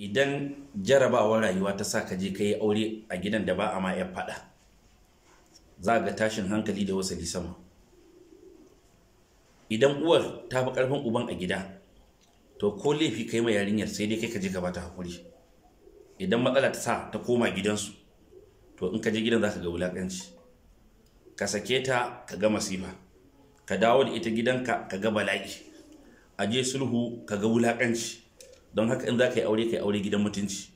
idan jarabawar rayuwa ta sa ka je ka yi aure a gidan da ba a ma ya faɗa za ga tashin hankali da wasali sama idan uwar ta fi ƙarfin uban a gida to ko laifi kai ma yarinyar sai dai kai ka je ka bata hakuri idan matsala ta sa ta koma gidansu to in ka je gidan za ka ga wulaƙanci ka sake ta ka ga masifa ka dawo da ita gidanka ka ga bala'i a je sulhu ka ga wulaƙanci don haka in za ka yi aure ka yi aure gidan mutunci